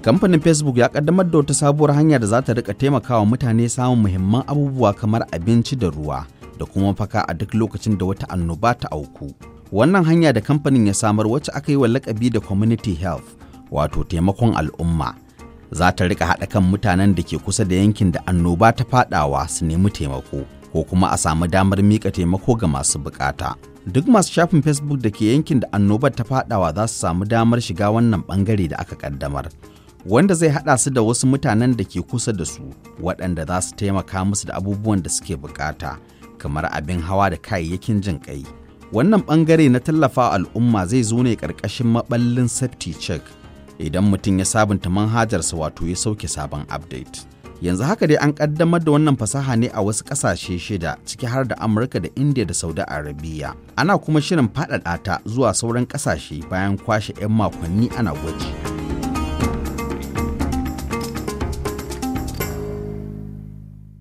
kamfanin facebook ya kaddamar da wata sabuwar hanya da za ta rika taimakawa mutane samun muhimman abubuwa kamar abinci da ruwa da kuma mafaka a duk lokacin da wata annoba ta auku wannan hanya da kamfanin ya samar wacce aka yi wa lakabi da community health wato taimakon al'umma za ta rika haɗa kan mutanen da ke kusa da yankin da annoba ta fadawa su nemi taimako ko kuma a samu damar mika taimako ga masu bukata. Duk masu shafin Facebook da ke yankin da annobar ta fadawa za su samu damar shiga wannan bangare da aka kaddamar. wanda zai haɗa su da wasu mutanen da ke kusa da su waɗanda za su taimaka musu da abubuwan da suke bukata kamar abin hawa da kayayyakin jin ƙai. Wannan ɓangare na tallafa al'umma zai zo ne ƙarƙashin maɓallin safety check idan mutum ya sabunta manhajarsa wato ya sauke sabon update. Yanzu haka dai an ƙaddamar da wannan fasaha ne a wasu ƙasashe shida ciki har da Amurka da India da Saudi Arabiya. Ana kuma shirin faɗaɗa ta zuwa sauran ƙasashe bayan kwashe 'yan makonni ana gwaji.